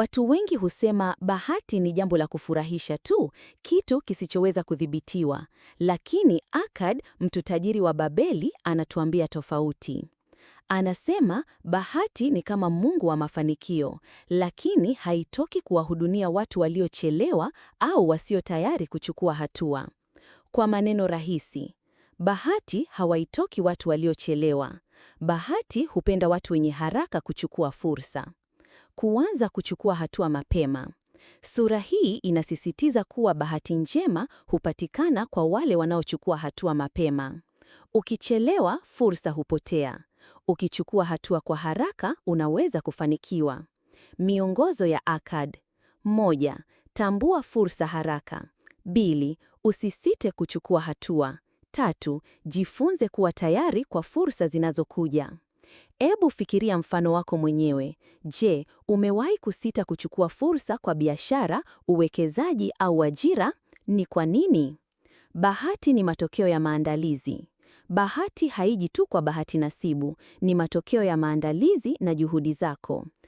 Watu wengi husema bahati ni jambo la kufurahisha tu, kitu kisichoweza kudhibitiwa, lakini Akkad, mtu tajiri wa Babeli, anatuambia tofauti. Anasema bahati ni kama Mungu wa mafanikio, lakini haitoki kuwahudumia watu waliochelewa au wasio tayari kuchukua hatua. Kwa maneno rahisi, bahati hawaitoki watu waliochelewa. Bahati hupenda watu wenye haraka kuchukua fursa kuanza kuchukua hatua mapema. Sura hii inasisitiza kuwa bahati njema hupatikana kwa wale wanaochukua hatua mapema. Ukichelewa, fursa hupotea. Ukichukua hatua kwa haraka, unaweza kufanikiwa. Miongozo ya ACAD: moja, tambua fursa haraka. Bili, usisite kuchukua hatua. Tatu, jifunze kuwa tayari kwa fursa zinazokuja. Ebu fikiria mfano wako mwenyewe. Je, umewahi kusita kuchukua fursa kwa biashara, uwekezaji au ajira? Ni kwa nini? Bahati ni matokeo ya maandalizi. Bahati haiji tu kwa bahati nasibu, ni matokeo ya maandalizi na juhudi zako.